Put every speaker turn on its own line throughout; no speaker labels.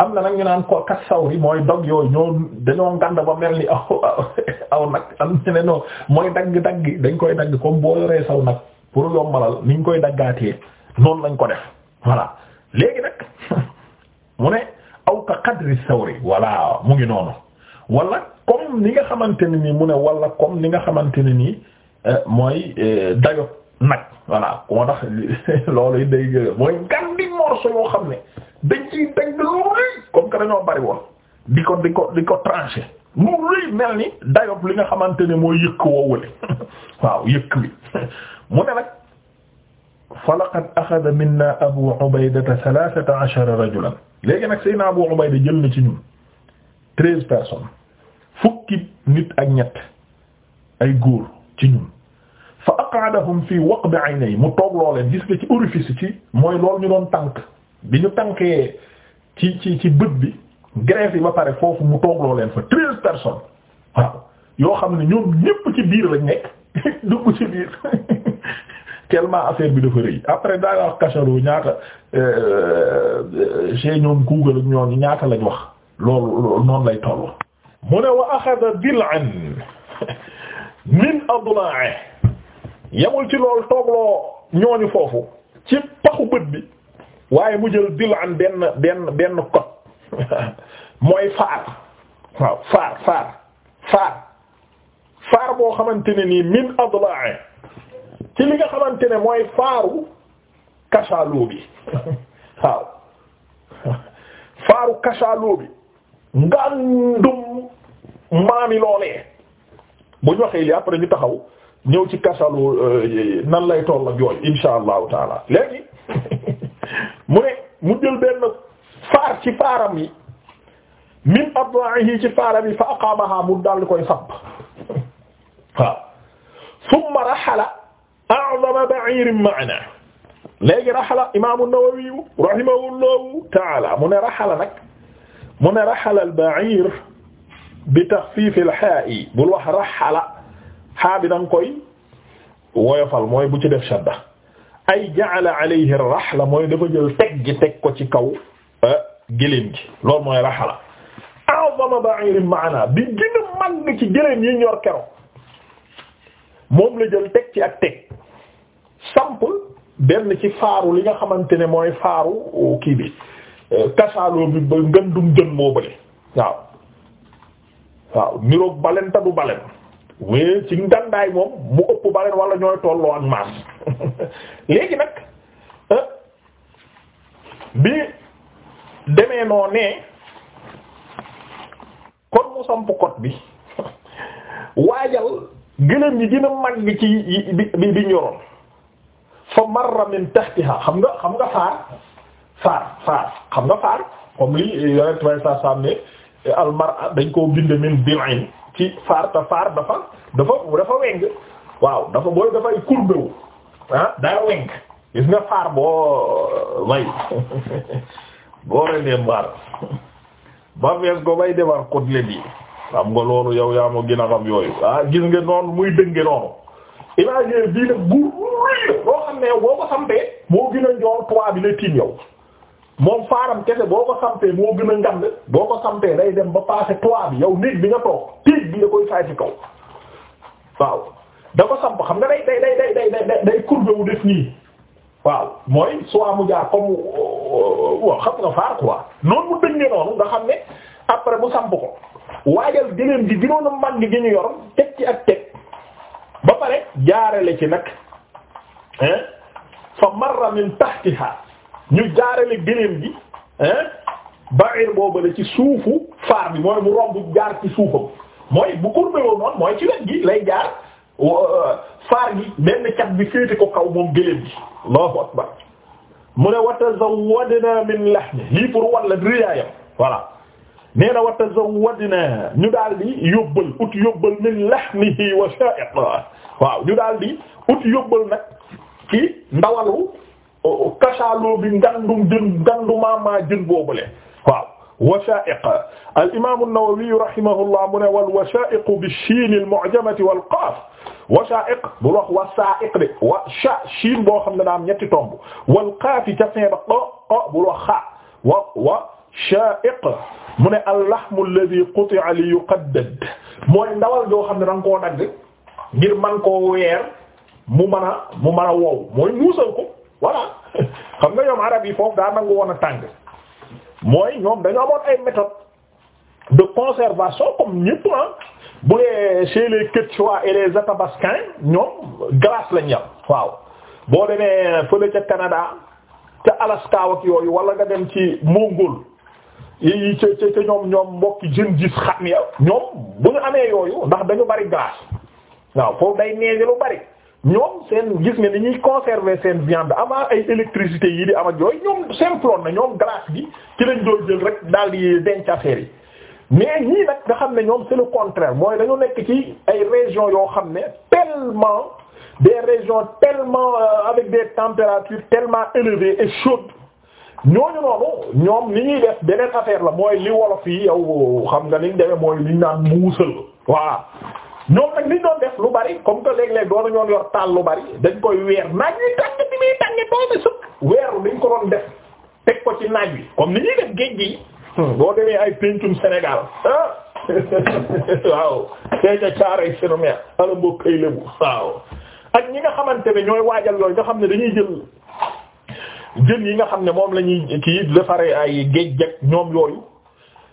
am na nag ñu naan ko kat sawri mooy dog yooyu ñoo dañoo ngand ba mel ni aw aw nag am ne noo mooy dagg-dagg dañ koy dagg comme boo yoree saw nag pour yombalal ni ñu koy daggaatee noonu lañ ko def voilà léegi nag mu ne aw ka qadri sawri voilà mu ngi noonu wala comme ni nga xamante ne nii mu ne wala comme ni nga xamante ne nii euh, mooy euh, dayo nag voilà moo tax loolu day mooy ngandi morceau yoo xam ne dañ ciy dégg lu rëy comme que dañoo di ko di ko di mel ni dayob li nga xamante ne mooy yëkk woowule waaw yëkk bi mu ne nag fa laqad minna abu ubaydata thalathata ashara rajulan léegi nag sëy na abu ubayda jël na ci ñun treize personnes nit ak ay góor ci ñun fa aqaadahum fi waqbi aynay mu toog loo leen gis nga ci orifice ci mooy tànk bi ñu tànkee ci ci ci bët bi grève yi ba pare foofu mu toogloo leen fa treize personnes waaw yoo xam ne ñoom ñépp ci biir lañ nekk dugg ci biir tellement affaire bi dafa rëy après daa nga wax kacharoo ñaata euh, chez ñoom Google ñoom ñaata lañ wax loolu noonu lay toll mu ne wa axada dil'an min adla'i yamul ci loolu toogloo ñooñu foofu ci paxu bët bi waaye mu jël dil an benn benn benn code mooy faar waaw faar faar faar faar boo xamante ni nii min adla'i ci li nga xamante ne mooy faaru kasaaloo bi waaw faaru kasaaloo bi ngandum maami loolee bu ñu waxee li après ñu taxaw ñëw ci kasaaloo euh, nan lay toll ak yooyu insha taala léegi mu jël benn faar ci faaram yi min adla'ihi ci faaram yi fa aqamaha mu dal koy sapp waaw thumma rahala a'zama ba'irin ma'na léegi raxala imaamu Nawawi rahimahullahu ta'ala mu ne raxala nag mu ne raxala al-ba'iir bi taxfiif al-haa'i bul wax raxala xaa bi da nga koy woyofal mooy bu ci def shadda ay ja'ala alayhi la mooy dafa jël teg gi teg ko ci kaw ah, gëléem gi loolu mooy rahla a'zama ba'irin ma'ana bi gën a mag ci gëléem yi ñor keroo moom la jël teg ci ak teg samp benn ci faaru li nga xamante ne mooy faaru oh, kii bi euh, kasaaloo bi ba ngëndum jën moo bële waaw waaw niroog balen du balen wée ci ngandaay moom mu ëpp balen wala ñooy tolloo ak maas léegi nag euh, bi demee noo nee kon mu samp kot bi waajal gëlëm yi dina mag ci bi bi bi ñoroon fa marra min tahtiha xam nga xam nga faar faar faar xam nga faar comme li yonent way sa sam ne almara dañ koo bind min bil'in ci faar te faar dafa dafa dafa weng waaw dafa booy dafay courber wu ah daa wenk gis nga faar boo euh, may boo rendee mbaar ba fees bay defar côtelette bi xam nga loolu yow yaa ma gën a xam yooyu ah gis nga noonu muy dënge noonu imagine bii nag bu loo xam ne yow boo ko sampee moo gën a njool toit bi la tiim yow moom faaram kese boo ko sampee moo gën a ngand boo ko sampee day dem ba passé toit bi yow néeg bi nga toog téeg bi nga koy saay ci kaw da ko samp xam nga day day day day day day day courbe def nii waaw mooy soit mu jaar ko euh, waaw xam nga faar quoi noonu mu dëñ noonu nga xam ne après mu samp ko waajal gëléem gi gënoon a mag gi ñu yoroon teg ci ak teg ba pare jaarale ci nag hein fa marra min tahtiha ñu jaarale gëléem gi hein ba'ir boobale ci suufu faar bi mooy mu romb jaar ci suufam mooy bu courbé woon mooy ci wet lay jaar faar gi benn cat bi féete ko kaw moom gëléem gi akbar mu ne min lahmi lii pour walla riyaayam voilà nee na wa daal di yóbbal ut yóbbal min lahmihi wa sha'iqa waaw ñu daal di ut yóbbal nag ci ndawalu oh, oh, kacaaloo bi ngandum jën ngandumaamaa jën boobule waaw washa'iq al imaam an-Nawawi rahimahullah mu ne wal washa'iq bi shiin al-mu'jamati wal qaaf washa'iq bul wax wasaa'iq de wa sha shiin boo xam ne daa am ñetti tomb wal qaaf ca fin ba qa bul wax xaa wa wa sha'iq mu ne al-lahmu alladhi quti'a li yuqaddad mooy ndawal joo xam ne da nga koo dagg ngir man koo weer mu mën a mu mën a wow mooy muusal ko voilà xam nga ñoom arab yi foofu daa nangu woon a tàng. mooy ñoom dañoo amoon ay méthodes de conservation comme ñëpp ah bu dee chez les Quechua et les Athabascans ñoom glace lañ yam waaw boo demee fële ca Canada ca Alaska ak yooyu wala nga dem ci Mongol yi ca ca ñoom ñoom mbokk jën gis xam ya ñoom bu ñu amee yooyu ndax dañu bari glace waaw foofu day neexe lu bari ñoom seen gis nga ni ñuy conserver seen viande avant ay électricité yi di am ak yooyu ñoom simplon na ñoom glace gi ci lañ doon jël rek daal di denc affaire yi mais ñii nag nga xam ne ñoom c'est contraire mooy dañu nekk ci ay régions yoo xam ne tellement de régions tellement euh, avec des températures tellement élevées e chaudes ñooñu noonu ñoom ni ñuy def beneen affaire la mooy li wolof yi yow xam nga liñ demee mooy liñ naan muusal waa ñoom nag liñ doon def lu bari comme que léeg-léeg doonu ñoon yor taal lu bari dañ koy weer naaj wi tàng bi muy tànge doone sëkk weeru dañ ko doon def teg ko ci naaj wi comme ni ñuy def géej gi hmm. boo demee ay péncum Sénégal ah waaw teeca caaray sinomèr ala mboo këy lébu waaw ak ñi nga xamante ne ñooy waajal yooyu nga xam ne dañuy jël jën yi nga xam ne moom la ñuy kii defaree ay géej géej ñoom yooyu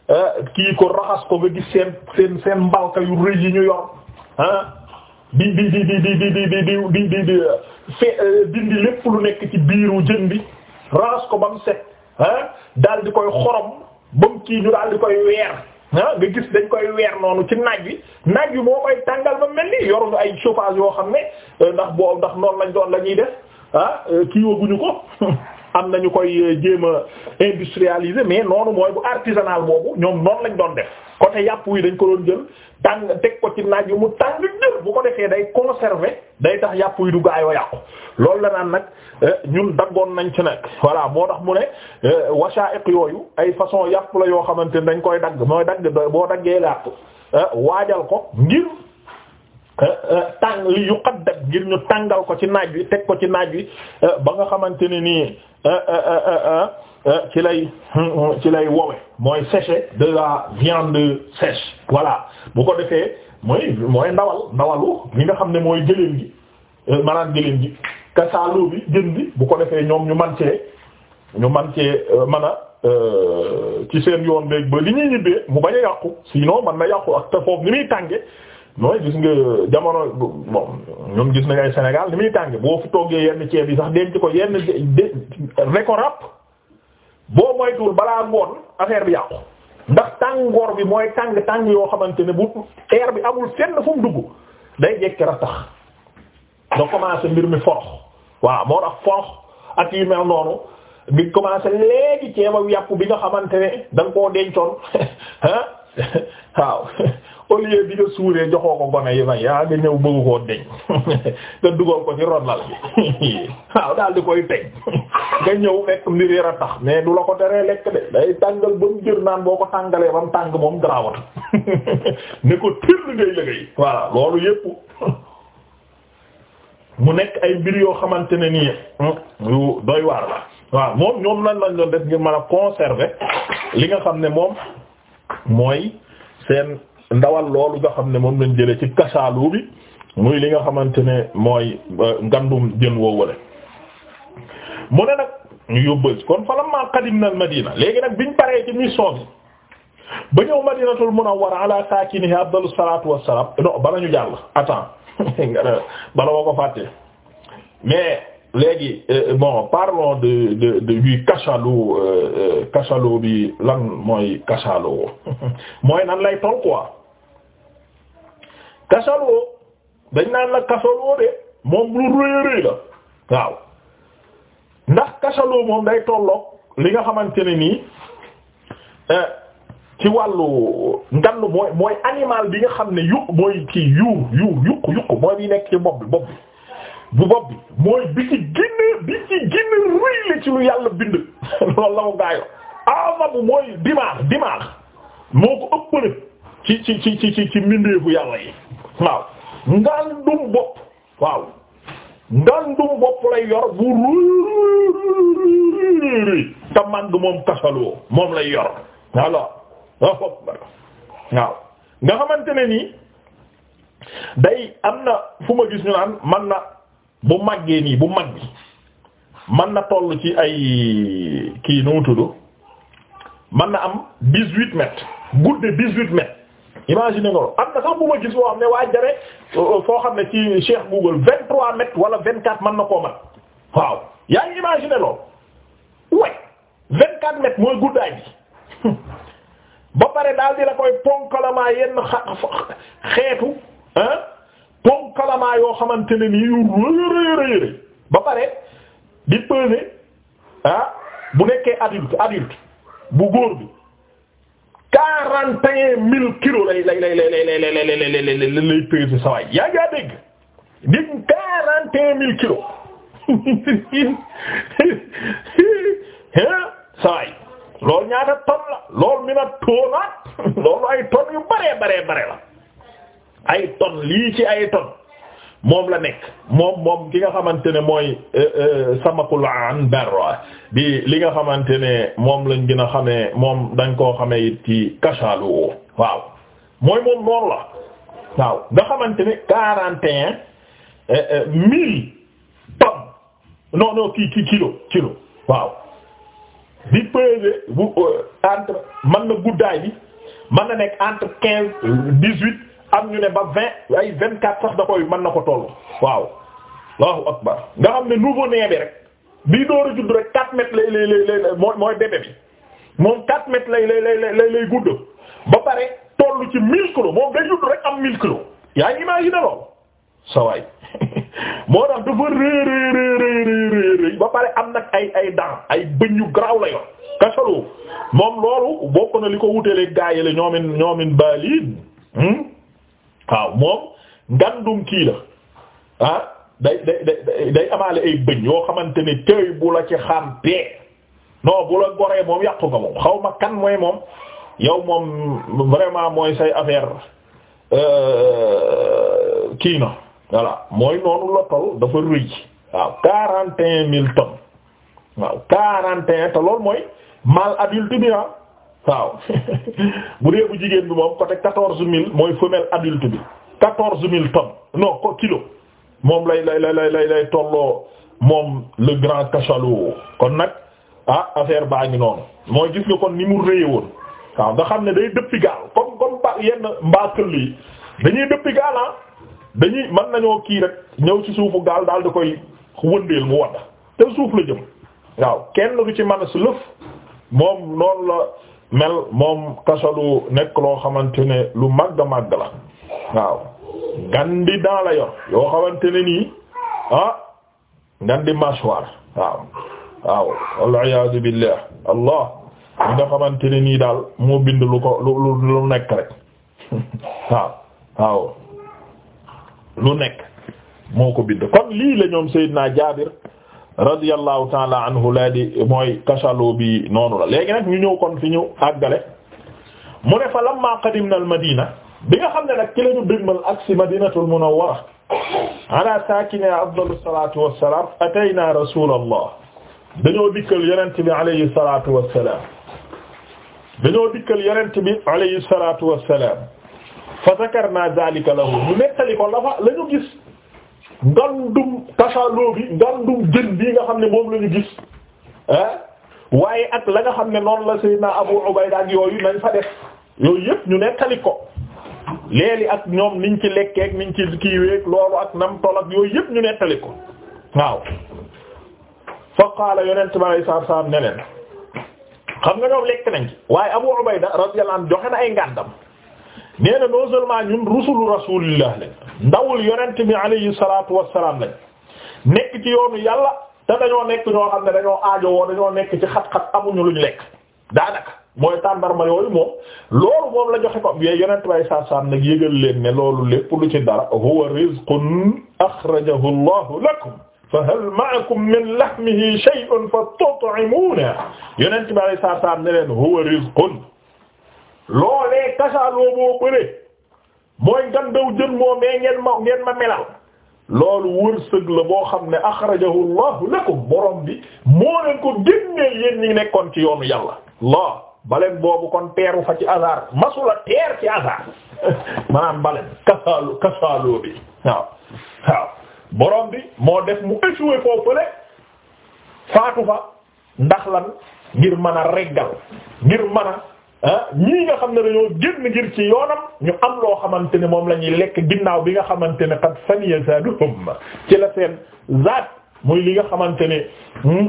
ah. kii ko raxas ko nga gis seen seen seen mbalka yu rëy yi ñu yor ah di di di di di di di di di di fe dindi lépp lu nekk ci biiru jën bi raxas ko ba mu set ah daal di koy xorom ba mu kii ñu daal di koy weer ah nga gis dañ koy weer noonu ci naaj wi naaj wi moo koy tàngal ba mel ni yoruñu ay chauffage yoo xam ne ndax boobu ndax noonu lañ doon la ñuy def ah kii ko am nañu koy jéem a industrialiser mais noonu mooy bu artisanal boobu ñoom noonu lañ doon def côté yàpp wi dañ ko doon jël tàng teg ko ci naaj yu mu tàng jël bu ko defee day conserver day tax yàpp yi du gaayoo yàqu loolu la naan nag eh, ñun daggoon nañ ci nag voilà boo tax mu ne eh, washa'iq yooyu ay façon yàpp la yoo xamante ne dañ koy dagg mooy dagg boo daggee yàpp eh, waajal ko ngir tàng li yuqaddak ngir ñu tàngal ko ci naaj wi teg ko ci naaj wi ba nga xamante ne nii Euh, ci lay ci lay wowe mooy seche de la viande sèche voilà bu ko defee mooy mooy ndawal ndawalu li nga xam ne mooy gëléem gi euh, maanaam gëléem gi kasaaloo bi jën bi bu ko defee ñoom ñu man cee ñu man cee euh, man a ci seen yoon beeg ba li ñuy ñibbee mu bañ a yàqu sinon man na yàqu ak te foofu ni muy tànge mooy gis nga jamono bon ñoom gis nañ ay senegal ni muy tànge boo fu toggee yenn ceeb yi sax denc ko yenn de rek ko ràpp boo moytuwul balaa ngoon affaire bi yàqu ndax ngoor bi mooy tàng tàng yoo xamante ne bu air bi amul fenn fu mu dugg day jekki rattax da commencé mbir mi forox waaw moo tax forox ak yu mel noonu bi commencé léegi ceeba yàpp bi nga xamante ne da koo dencoon ah waaw au bi di nga suuree joxoo ko gone yi may yaa nga ñëw bëggu koo deñ nga dugal ko ci ronlal bi waaw daal koy teg nga ñëw fekk mbir yara tax mais du la ko teree lekk de day tàngal ba mu jër naan boo ko tàngalee ba mu tàng moom garawatu ne ko tëll ngay lëgëy voilà loolu yépp mu nekk ay mbir yoo xamante ne nii hmm, yu doy waar la waaw moom ñoom lan lañ def ngir mën a conserver li nga xam ne moom mooy seen ndawal loolu nga xam ne moom lañ jëlee ci kasaalu bi muy li nga xamante ne mooy euh, ngandum jën woo wale mu ne nag ñu yóbbal kon falamma qadimna al madina léegi nag biñ paree ci mission bi ba ñëw madinatul munawwara ala saakinihi afdalu salaatu wassalaam non bala ñu jàll attends bala woo ko fàttee mais léegi euh, bon parlons de de de bi kasalu euh, kasalu bi lan mooy kasalu mooy nan lay toll quoi kasaloo dañ naan la kasaloo de moom lu rëy rëy la waaw ndax kasaloo moom day tolloog li nga xamante ne nii eh, ci wàllu ngann mooy mooy animal bi nga xam ne yu mooy kii yuur yuur yuq yuq mooy bi nekk ci bopp bi bopp bi bu bopp bi mooy bi ci ginne bi ci ginne rëy la ci lu yàlla bind loolu la mu gaayo amabu mooy dimaar dimaar moo ko ëppale ci ci ci ci ci bu mbindeefu yàlla yi waaw ngandum bopp waaw ngandum bopp lay yor bu ruuruuruuru te màng moom kasaloo moom lay yor alors waaw nga xamante ne nii day am na fu ma gis ñu naan man na bu màggee nii bu mag man na toll ci ay kii nu mu tudd man na am dix-huit mètres gudde dix-huit imagine nga am na sax bu ma gis boo xam ne waa jare euh, foo xam ne ci Cheikh Google vingt trois mètres wala vingt quatre mën na koo mat waaw yaa ngi imagine loolu way vingt quatre mètres mooy guddaay bi ba pare daal di la koy ponkalamaa yenn xeetu ah ponkalamaa yoo xamante ne nii yu rëy ba pare di peser ah bu nekkee adulte adulte bu góor bi quarante et un mille kilos lay lay lay lay lay lay lay lay peser sa waay yaa ngi dégg dégg quarante et un mille kilos sa waay loolu ñaata ton la loolu mi na toonaat loolu ay ton yu bare bare bare la ay ton lii ci ay ton moom la nekk moom moom ki nga xamante ne mooy euh, euh, samakul anbar bi li nga xamante ne moom lañ gën a xamee moom dañ koo xamee it ci kasalu waaw mooy moom noonu la waaw nga xamante ne quarante et un euh, mille tonnes non non kii kilo kilo waaw di peser bu na guddaay bi mën na nekk entre quinze dix-huit am ñu ne ba vingt ay vingt quatre sax da koy man na ko tollu waaw allahu akbar nga xam ne nouveau-né rek bii door a judd rek quatre mètres lay lay lay mooy mooy bébé bi moom quatre mètres lay lay lay lay ba pare tollu ci mille kilos moom day judd rek am mille kilos yaa ngi imaginer loolu sa moo tax dafa rëy rëy rëy rëy ba pare am nag ay ay dents ay bëñ yu garaaw la yor kasalu moom loolu bokk na li ko wutelee gaa yi la ñoomin ñoomin baaliin waaw moom ngandum kii la ah day day day amaale ay bëñ yoo xamante ne tey bu la ci xàmpee non bu la goree moom yàqu nga moom xaw ma kan mooy moom yow moom vraiment mooy say affaire euh, kii na voilà mooy noonu la dafa rëy waaw quarante et waaw quarante te loolu mooy mâle adulte bi ah. waaw bu dee bu jigéen bi moom côté quatorze mille mooy femelle adulte bi quatorze mille tonnes non ko kilo moom lay lay lay lay lay tolloo moom le grand cachalot kon nag ah affaire baa ngi noonu mooy gis nga kon ni mu rëye woon waaw nga xam ne day dëppi gaal comme comme ba yenn mbaakëll yi dañuy dëppi gaal ah dañuy mën nañoo kii rek ñëw si suufu gaal daal di koy wëndeel mu wadd te suuf la jëm waaw kenn du ci mën si su lëf moom noonu la mel moom kasolu nekk loo xamante ne lu màgg màgg la waaw ngan di daa la yoo xamante nii ah ngan di mâchoire waaw waaw waliyasu billah allah li nga xamante nii daal moo bind lu ko lu lu nekk rek waaw waaw lu nekk moo ko bind kon lii la ñoom Seydina Jaabir radiyallahu taala anhu laa di mooy kachaloo bi noonu la léegi nag ñu ñëw kon fi ñu àggale mu ne fa lamma qadimna al madina bi nga xam ne nag ci la ñu dëgmal ak si madinatul munawwara ala saakiniha afdalu salatu wassalam atayna rasulallah dañoo dikkal yonent bi alayhi salatu wassalam dañoo dikkal yonent bi alayhi salatu wassalam fa zakarna zalika lahu ñu nettali ko la fa lañu gis ngandum kasaloo bi ngandum jën bii nga xam ne moom la ñu gis ah waaye ak la nga xam ne noonu la Seydina Abu Ubayda ak yooyu nañ fa def yooyu yëpp ñu nettali ko léegi ak ñoom niñ ci lekkeek niñ ci kiiweeg loolu ak nam tol ak yooyu yëpp ñu nettali ko waaw fa qaala yonent bi alayhi salaatu salaam ne leen xam nga ñoom lekk nañ ci waaye Abu Ubayda radiyallahu anhu joxe na ay ngàndam nee na non rusulu rasulillah lañ ndawul yonent bi alayhi salaatu wassalaam lañ nekk ci yoonu yàlla te dañoo nekk ñoo xam ne dañoo aajo woo dañoo nekk ci xat-xat amuñu luñ lekk daanaka mooy tàndarma yooyu moom loolu moom la joxe ko yoy yonent bay saasaan nag yëgal leen ne loolu lépp lu ci dara huwa rizqun akhrajahu allahu lakum fa hal ma'akum min lahmihi shay'un fa tut'imuuna yonent bay saasaan ne leen huwa rizqun loolee kasaa loo boo bëre mooy ngandaw jën moo mee ngeen ma ngeen ma melal loolu wërsëg la boo xam ne axrajahu llahu lakum borom bi moo leen ko génneel yéen ñi nekkoon ci yoonu yàlla laa baleen boobu kon teeru fa ci hasard masula teer ci hasard maanaam baleen kasaalu kasaaloo bi waaw waaw borom bi moo def mu échoué foofule faatu fa ndax lan ngir mën a reggal ngir mën a Ah ñii nga xam ne dañoo génn ngir ci yoonam ñu am loo xamante ne moom la ñuy lekk ginnaaw bi nga xamante ne qad faniya zaaduhum ci la seen zaat muy li nga xamante ne hmm,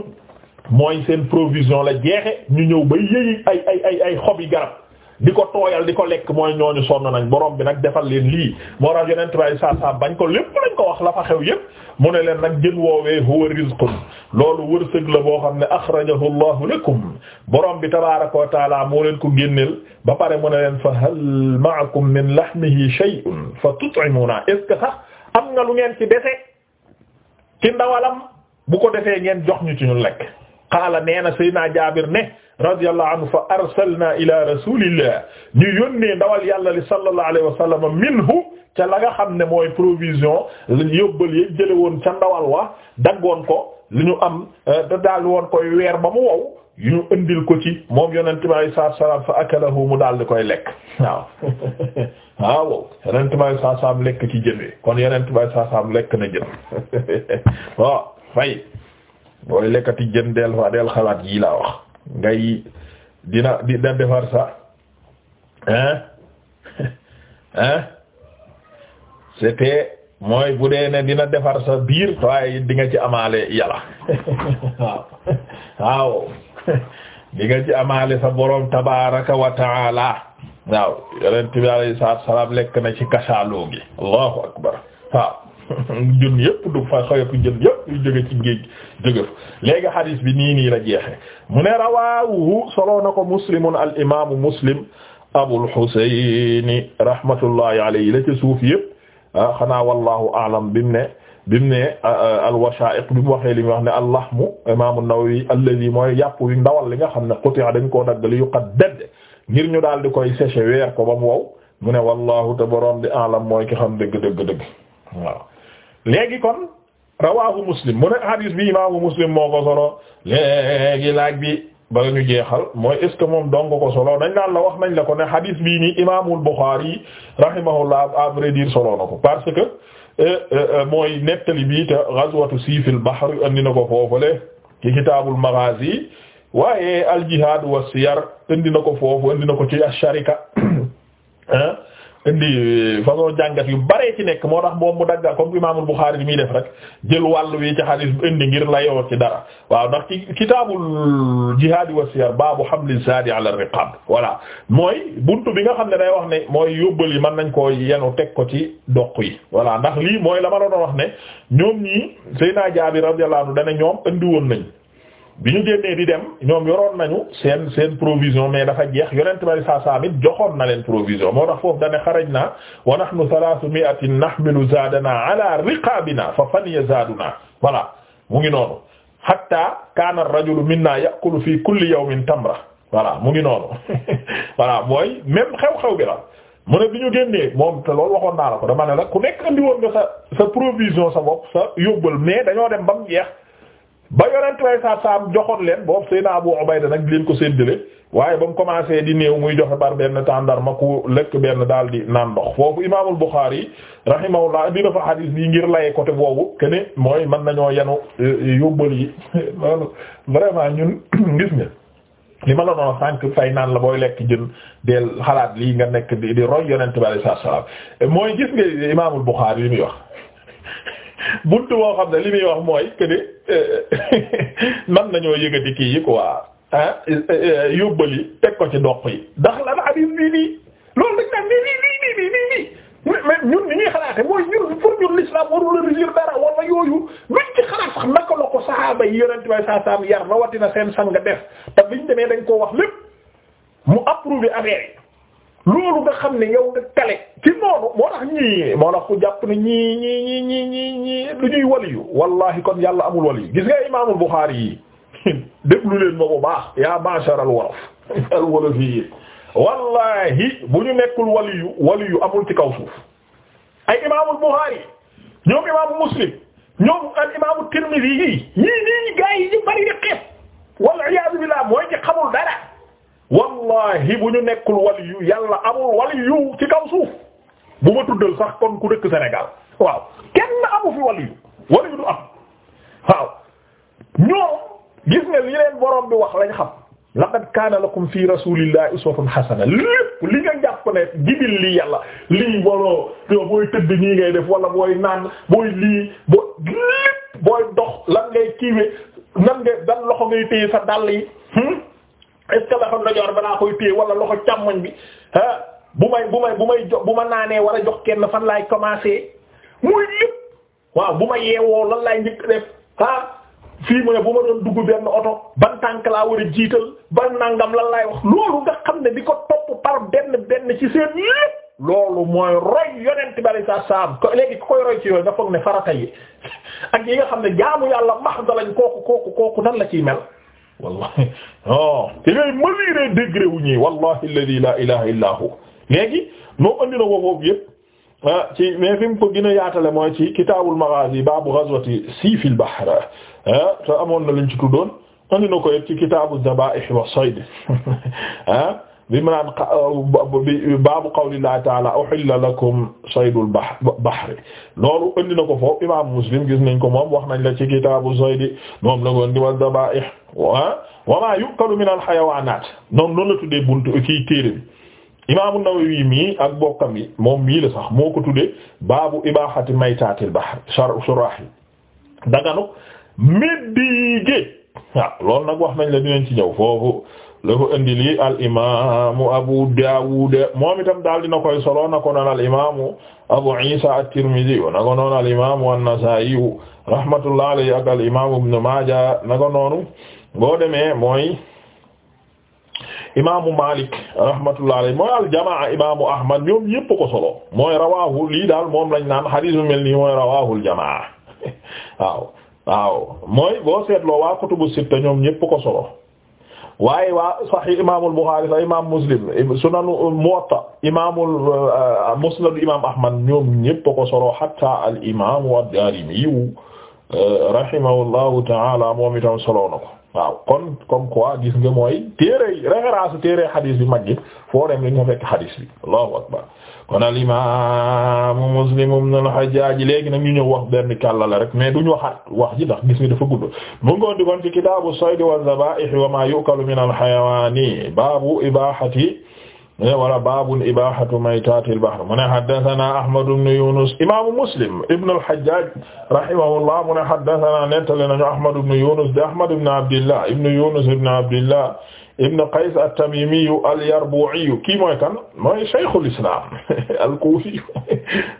mooy seen provision la jeexe ñu ñëw ba yëyi ay ay ay ay xob yi garab di ko tooyal di ko lekk mooy ñooñu sonn nañ borom bi nag defal leen lii moo tax yonent bi saa saa bañ ko lépp ko wax la fa xew yépp mu ne leen nag jën woowee huwa rizqun loolu wërsëg la boo xam ne akhrajahu Allahu lakum borom bi tabaaraka wa taala moo leen ko génneel ba pare mu ne leen fa hal ma'akum min lahmihi shay'un fa tut'imuna est-ce que sax am nga lu ngeen ci dese ci bu ko defee ngeen jox ñu ci ñu lekk. qaala nee na Seydina Jaabir ne radiyallahu anhu fa arsalna ila rasulillah ñu yónnee ndawal yàlla li sallallahu alayhi wa sallam minhu ca la xam ne mooy provision yóbbal yi woon ca ndawal wa daggoon ko li ñu am euh, da daal woon koy weer ba mu wow yu ñu ko ci moom yonente bi alayhi salaatu wa fa akalahu mu daal di koy lekk waaw ah, waaw yonente bi alayhi salaatu wa salaam lekk ci jën kon yonente bi alayhi lekk na jën waaw fay booy lekkati jën del fa del xalaat yii laa wax ngay dina defar sa hein hein c'était mooy bu dee ne dina defar sa biir waaye di nga ci amaale yàlla waaw waaw nga ci amaale sa boroom tabaraka wa taala waaw yonent bi alayhi salaatu salaam lekk na ci kasaaloo gi allahu akbar waaw jën yëpp du fa xawetu jën yëpp yu jóge ci géej jóge léegi hadis bi nii nii la jeexe mu ne rawaahu soloo na ko muslimun al imaamu muslim abul husayni rahmatullahi alayhi la ca suuf yëpp ah xanaa wallahu aalam bi mu ne bi mu ne ah, ah, alwashaaiq bi mu waxee li mu wax ne allahmu imaamu nawawi alladi mooy yàpp wi ndawal li nga xam ne qutiya dañ koo dagg li yuqaddad ngir ñu daal di koy séché weer ko ba mu wow mu ne wallahu te borom bi aalam mooy ki xam dëgg dëgg dëgg waaw léegi kon rawahu muslim mu ne hadis bi imaamu muslim moo ko solo léegi laaj bi bala ñu jeexal mooy est moom dong ko solo nañ naan la wax nañ la ko ne hadis bii nii imaamul Bukhari rahimahullah à vrai solo na ko parce que euh, euh, euh, mooy nettali bii te ghazwatu siifil bahr andi na ko foofule ci kitaabul maghazi waaye al jihaad wa siyar andi na ko foofu andi na ko ci asharika ah. indi façon jàngat yu baree ci nekk moo tax moom mu daggal comme imaamul Buxaari bi muy def rek jël wàll wi ci xadiis bu indi ngir la yow ci dara waaw ndax ci kitaabul jihaad wa siyar baabu hamli zaadi ala riqaab voilà mooy buntu bi nga xam ne day wax ne mooy yóbbal yi mën nañ koo yenu teg ko ci doq yi voilà ndax lii mooy la ma doon wax ne ñoom ñii Seydina Jaabir radiyallahu anhu dana ñoom indi woon nañ bi ñu génnee di dem ñoom yoroon nañu seen seen provision mais dafa jeex yonent bari sa saa mit joxoon na leen provision moo tax foofu dane xarajna wa nahnu thalathu mi'atin nahmilu zaadana ala riqaabina fa faniya zaaduna voilà mu ngi noonu hatta kaana ar-rajulu minna ya'kulu fi kulli yawmin tamra voilà mu ngi noonu voilà mooy même xew-xew bi la mu ne bi ñu génnee moom te loolu waxoon naa la ko dama ne la ku nekk andi woon nga sa sa provision sa bopp sa yóbbal mais dañoo dem ba mu jeex ba yonent way sa saam joxoon leen boobu Seydina Abu Ubayda nag leen ko séddale waaye ba mu commencé di néew muy joxe bar benn tàndar ma ku lekk benn daal di naan ndox foofu imaamul Buxaari rahimahullah dina fa xadiis bi ngir laye côté boobu que mooy man nañoo yenu euh, yóbbal yi loolu vraiment ñun gis nga li ma la doon sànq fay naan la booy lekk jën del xalaat lii nga nekk di roy yonent bi sallallahu alayhi wasallam mooy gis nga imaamul Buxaari li muy wax buntu boo xam ne li muy wax mooy que ni euh, man nañoo yëgati kii yi quoi ah yóbbali teg ko ci doq yi ndax la hadith bii nii loolu dañ nii nii nii nii nii nii mais ñun ni ñuy xalaate mooy ñun pour ñun l'islam warul régir dara wala yooyu luñ ci xalaat sax naka la ko saxaaba yi yonent way saa saam yar rawatina seen sang def te biñ demee dañ koo wax lépp mu approuvé affaire loolu nga xam ne yow nga kale ci noonu moo tax ñii moo tax ku jàpp ne ñii ñii ñii ñii ñii ñii du ñuy waliyu wallahi kon yàlla amul waliyu gis nga imaamul Buxaari yi déglu leen ma bu baax yaa mashar al wolof al wolof yi wallahi bu ñu nekkul waliyu waliyu amul ci kaw suuf ay imaamul Buxaari ñoom imaamu Muslim ñoom al imaamu Tirmidhi yi ñii ñii wallaahi bu ñu nekkul waliyu yàlla amul waliyu ci kaw suuf bu ma tuddal sax kon ku dëkk Sénégal waaw kenn amu fi waliyu waliyu du am waaw ñoom gis nga li leen borom bi wax lañ xam laqad kaana lakum fi rasulillahi uswatun hasana lépp li nga jàpp ne jibil lii yàlla lii waroo booy tëdd nii ngay def wala booy naan booy lii boo lépp booy dox lan ngay kiiwe nan nga dan loxo ngay téye sa dàll yi hmm? est-ce que loxo ndojoor balaa koy téye wala loxo càmmoñ bi ah bu may bu may bu may jox bu ma naanee war a jox kenn fan laay commencer muy lépp waaw bu ma yeewoo lan njëkk def ah fii mu ne bu ma doon dugg benn oto ban tànk laa war a jiital ban nangam lan laay wax loolu nga xam ne di ko topp par benn benn ci seen lépp loolu mooy roy yonent sa saam ko léegi ku koy roy ci yooyu nga foog ne farata yi ak yi nga xam ne jaamu yàlla max da lañ kooku kooku kooku nan la ciy mel. wallahi o ci ngay mesurer degré wu ñi wallahi alladhi la ilaha illa hu léegi moo andi na ko foofu yëpp ah, ci mais fi mu ko gën a yaatale mooy ci kitaabul maghazi baabu ghazwati siifil bahr ah, te amoon na luñ ci tuddoon andi na ko yëpp ci kitaabu dhabaa'ih wa sayd ah bi mu naan euh, baabu qawlillahi ta'ala uhilla lakum saydul bahri loolu indi na ko foofu imam muslim gis nañ ko moom wax nañ la ci kitaabu saydi moom la ngoon di wa dabaih wa ma yukalu min al hayawanat noonu noonu la tuddee buntu kii téere imam an-Nawawi ak bokkam yi moom mii la sax moo ko tuddee baabu ibahati maytatil bahr sharahi daganu meddi géej waaw loolu nag wax nañ la dinañ ci ñëw la ko indi lii al imaamu Abu Daawud moom itam daal dina koy solo na ko noon al imaamu Abu Iisa at-Tirmidhi na ko noon al imaamu an ak al imaamu Ibn na ko noonu boo demee mooy imaamu Maalik rahmatullahi alayhi mooy al jamaa imaamu Ahmad ñoom yépp ko solo mooy rawaahu lii daal moom lañ naan hadiis mel nii mooy rawaahul jamaa waaw waaw mooy boo seetloo waa kutubu sitta ñoom ñépp ko solo. waaye waa Sahih imaamul Bukhari sax imaam Muslim sunanu Muwatta imaamul euh, Musnad imaam Ahmad ñoom ñépp ko solo hatta al imaamu ad-Daarimi euh, rahimahullahu ta'ala moom itam solo na ko waaw quoi gis nga mooy téere référence téere hadis bi mag gi foo dem li nga fekk hadis bi Allahu kon al imaamu Muslim ibn al-Hajjaj léegi nag ñu ñëw wax benn kàlla la rek mais duñu waxaat wax ji ndax gis nga dafa gudd mu ngi ko di kon ci kitaabu sayd wa zabaa'ih wa ma yu'kalu min al-hayawaani baabu ibaahati Eh, wala baabun ibaahatu maytaatil bahr mu ne haddasanaa Ahmadu ibn Yunus imaamu Muslim ibn al-Hajjaaj rahimahullah mu ne haddasanaa nettali nañu Ahmadu ibn Yunus de Ahmadu ibn Abdillah ibn Yunus ibn Abdillah ibn Qays at-Tamimi al-Yarbu'i kii mooy kan mooy shaykhul islam al-Kufi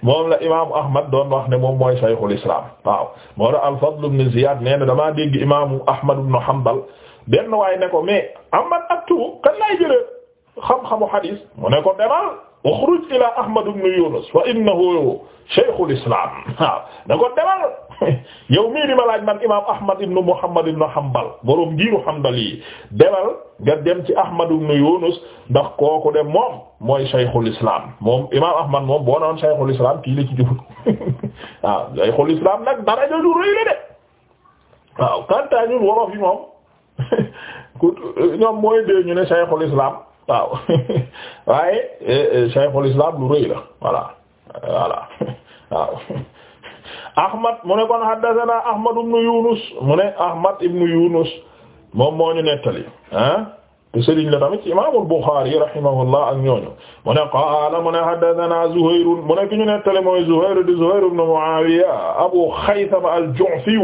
moom la imaamu Ahmad doon wax ne moom mooy shaykhul islam waaw moo tax al-Fadl ibn Ziyad nee na damaa dégg imaamu Ahmad ibn Hanbal benn waay ne ko mais Ahmad ak kan laay jëlee xam-xamu xadis mu ne ko demal uxruj ila Ahmad ibn Yunus fa innahu shaykhul islam waaw ne ko demal yow mii di laaj man imaam Ahmad ibn Muhammad ibn Hanbal boroom ngiiru Hanbali yi demal nga dem ci Ahmad ibn Yunus ndax kooku de moom mooy shaykhul islam moom imaam Ahmad moom boo noon shaykhul islam kii la ci jublu waaw shaykhul islam nag dara jooju rëy la de waaw kanta ñun wolof yi moom ñoom mooy dee ñu ne shaykhul islam. waaw waaye Shaykhul eh, eh, Islam lu rëy la voilà voilà waaw Ahmad mu ne kon haddathana Ahmad ibn Yunus mu ne Ahmad ibn Yunus moom moo ñu nettali ah te sëriñ la tamit imaamul Buxaari rahimahullah ak ñooñu mu ne qaala mu ne haddathana Zuhayr mu ne ki nettali mooy Zuhayr di Zuhayr ibn Muawiya Abu Khaythama al-Ju'fi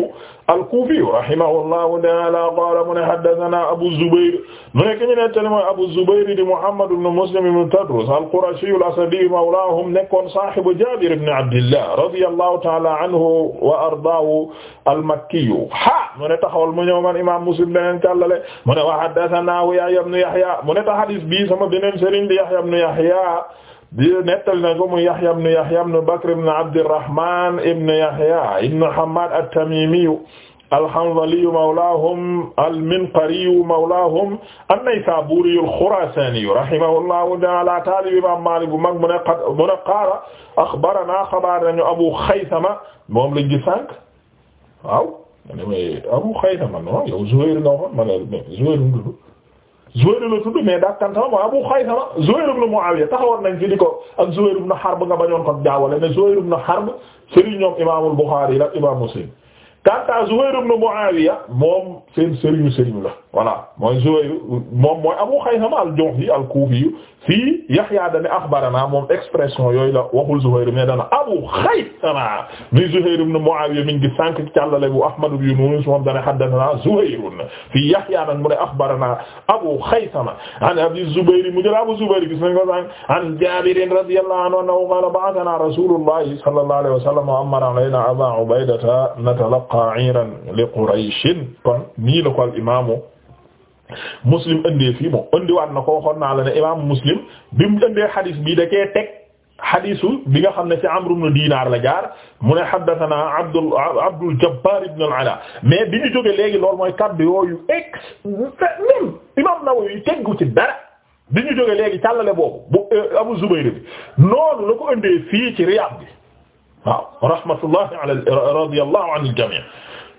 al-Kufi rahimahullahu ta'ala qala mu ne haddathana Abu Zubair mu nekk ñu nettali mooy Abu Zubair di Muhammad ibn Muslim ibn Tadrus al-Qurashi al-Asadi mawlahum nekkoon sahibu Jabir ibn Abdillah radiyallahu ta'ala anhu wa ardaahu al-Makki ha mu ne taxawal mu ñëw man imam Muslim beneen kàllale mu ne wa haddathana Yahya ibn Yahya mu ne ta hadis bi sama beneen sëriñ di Yahya ibn Yahya di nettali na ko mu Yahya ibn Yahya ibn Bakr ibn Abdirrahman ibn Yahya ibn Hammad at-Tamimi al-Hanzali mawlaahum al-Minqari mawlaahum an-Naysaburi al-Khurasani rahimahullahu ta'ala taalib imam Malik bu mag mu ne mu ne qaala axbaranaa xabaar nañu Abu Khaythama moom lañ gis sànq waaw. Abu Khaythama non yow Zuhayr nga waxoon ma ne Zuhayr Zuhayr la tudd mais dakkantama mooy Abu Xaysama Zuhayr ibn Muawiya taxawoon nañ fi di ko ak Zuhayr ibn Harb nga bañoon ko jaawale mais Zuhayr ibn Harb sëriñ ñoom Imaamul Buxaari la Imaam Muslim kanta Zuhayr ibn Muawiya moom seen sëriñu sëriñ la voilà mooy Zuhayr moom mooy Abu Xaysama al-Juhfi al-Kufi fii Yahya dane axbarana moom expression yooyu la waxul Zuhayr mais dana Abu Xaysama mi Zuhayr ibn Muawiya mi ngi sànq càllale bu Ahmad ibn Yunus moom dane haddathana Zuhayr fii Yahya nag mu ne axbarana Abu Xaysama an Abi Zubayr mu jël Abu Zubayr gis nañ ko sànq an Jaabir radiyallahu anhu annahu qaala ba'athana Rasulullahi sallallahu alayhi wa sallam wa amara alayna Aba Ubaydata natalaqqa 'ayran li Quraysh kon nii la ko al imaamu muslim ëndee fii moom ëndiwaat na ko waxoon naa la ne imaamu muslim bi mu ëndee xadis bi da kee teg xadisu bi nga xam ne ci Amr ibn Dinar la jaar mu ne haddathana Abdul Abdul Jabbar ibn al-Ala mais bi ñu jógee léegi loolu mooy kaddu yooyu ex même imam Nawawi teggu ci dara bi ñu jógee léegi càllale boobu bu euh, Abu Zubayr bi noonu la ko ëndee fii ci Riyad bi waaw rahmatullah ala radiyallahu anil jami'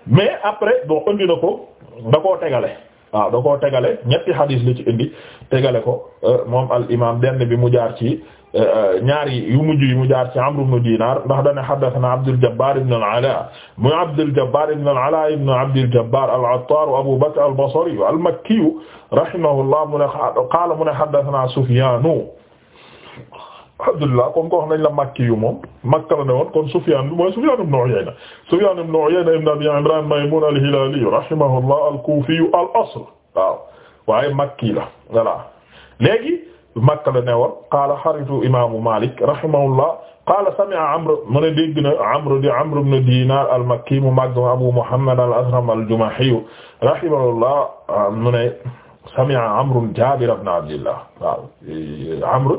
mais après boo ëndi na ko da koo tegale waaw da koo tegale ñetti xadis la ci indi tegale ko euh, moom al imam benn bi mu jaar ci euh, ñaari yu mujj yi mu jaar ci Amr ibn Dinar ndax dane haddathana Abdul Jabbar ibn al-Ala muy Abdul Jabbar ibn al-Ala ibn Abdul Jabbar al-Attar wa Abu Bakr al-Basri al-Makki rahimahullah mu ne qaala mu ne haddathana Sufyan Abdullah comme ko wax nañ la Makki yu moom Makka la ne woon kon Sufyaan mooy Sufyaan ibn Uyayna Sufyaan ibn Uyayna ibn Abi Imraan Maymuun al-Hilaali rahimahullah al-Kuufi al-asl waaw waaye Makki la voilà léegi Makka la ne woon qaala xaritu imaamu Maalik rahimahullah qaala sami'a Amr mu ne dégg na Amr di Amr ibn Diinaar al-Makki mu màgg Abu Muhammad al-Asram al-Jumahi rahimahullah mu ne sami'a Amr Jaabir ibn Abdillah waaw Amr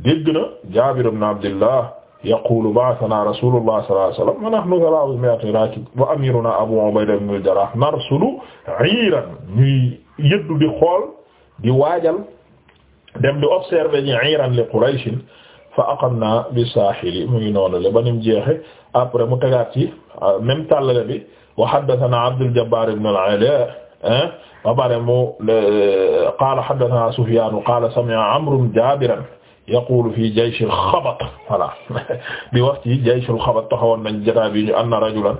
dégg na Jaabir ibn Abdillah yaqulu ba'athana rasulullah sallallahu alayhi wa sallam wa nahnu thalaathatu mi'ati raakib wa amiruna Abu Ubayda ibn al-Jarrah narsulu 'iiran ñuy yëddu di xool di waajal dem di observer ñi 'iiran li Quraysh fa aqamna bi saahili mu ngi noonu la ba nim jeexe après mu tegaat ci euh, même tàllale bi wa haddathana Abdul Jabbar ibn al-Alaa wa bare mu euh, qaala haddathana Sufyaan qaala sami'a Amrun Jaabiran yaqulu fi jayshil xabat voilà di wax ci jayshil xabat taxawoon nañ jotaay bi ñu anna rajulan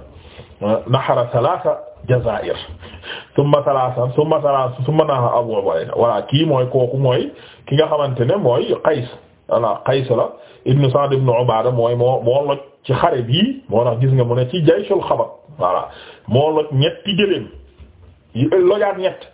nahara salaasa jazaa'ir summa salaasa summa salaasa summa nahara Abu Ubayda voilà kii mooy kooku mooy ki nga xamante ne mooy Qays voilà Qays la ibnu Sa'd ibnu Ubaada mooy moo moo loj ci xare bii moo tax gis nga mu ne ci jayshil xabat voilà moo loj ñetti gëléem yi lojaat ñett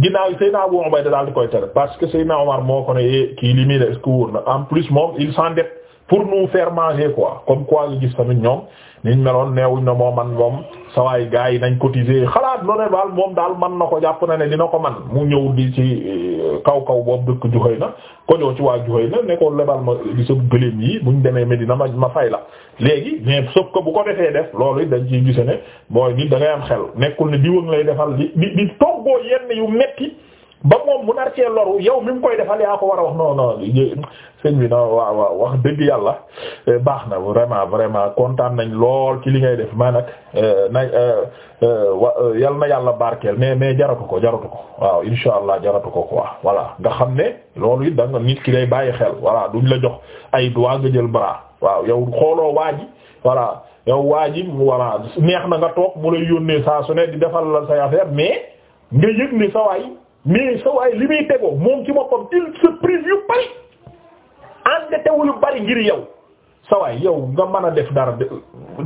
ginnaaw yi Seydina Abu Ubayda daal di koy tere parce que Seydina Omar moo ko ne eh, kii li muy ne est-ce que wóor na en plus moom il s'endette pour nous faire manger quoi comme quoi ñu gis tamit ñoom niñ meloon neewuñ na moo man moom sawaay gars yi nañ cotiser xalaat lo ne moom daal man na ko jàpp na ne dina ko man mu ñëw di ci euh, kaw kaw boobu dëkk juxëy na kojoo ci waa juxëy na ne ko lebal ma di sa gëléem yi buñ demee Medina ma ma fay la léegi mais sauf que bu ko defee def loolu dañ ciy gise ne mooy nit da ngay am xel nekkul ne di wëng lay defal di di di toggoo yenn yu metti ba moom mu nar cee loru yow mi mu koy defal yaa ko war a wax non non sëñ bi non waaw waaw wax dëgg yàlla eh, baax na vraiment vraiment kontaan nañ lool ci li ngay def maa nag eh, na eh, yal na yàlla barkeel mais mais jaratu ko jaratu ko waaw insha allah jaratu ko quoi voilà nga xam ne loolu it da nga nit ki day bàyyi xel voilà duñ la jox ay doigt nga jël bras waaw yow xooloo waa ji voilà yow waa ji voilà neex na nga toog mu lay yónnee saa su ne di defal la say affaire mais mais sa waay li muy tegoo moom ci il se yu bari endetté wu yu bari ngir yow sa waay yow nga mën a def dara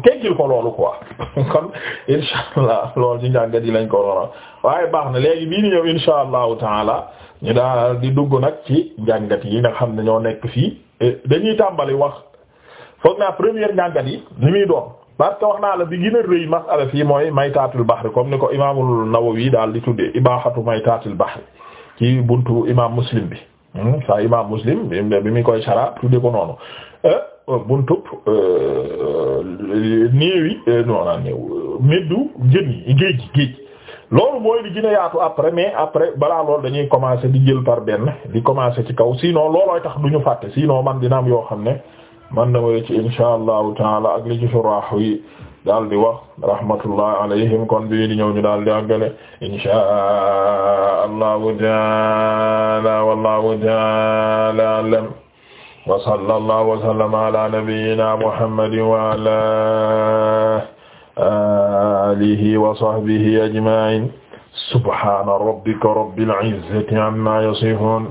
teggil ko loolu quoi kon insha allah loolu ci njàngat yi lañ ko wara waaye baax na léegi bii ni ñëw insha allahu taala ñu daal di dugg nag ci njàngat yi nga xam ne ñoo nekk fii eh, dañuy tàmbali wax foog naa première njàngat yi li muy doon parce que wax naa la bi gën a rëy masala fii mooy maytaatul bahri comme ni ko imaamul Nawawi daal di tuddee ibaahatu maytaatul bahri ci buntu imaam muslim bi hmm? sa imaam muslim bi mi koy sara tuddee ko noonu euh, euh, buntub euh, néewi non non néew meddu jën yi géej géej loolu mooy li gën yaatu après mais après balaa loolu dañuy commencer di jël par benn di commencer ci kaw sinon loolooy tax du ñu fàtte sinon man dina yoo xam ne. man dama la ci insha allahu taala ak li ci surah yi daal di wax rahmatullah alayhim kon bii di ñëw ñu daal di àggale insha allahu taala wallahu taala alam wa sallallahu wa sallama ala nabiyyina muhammadin wa ala alihi wa sahbihi ajma'in subhana rabbika rabbil izzati amma yasifun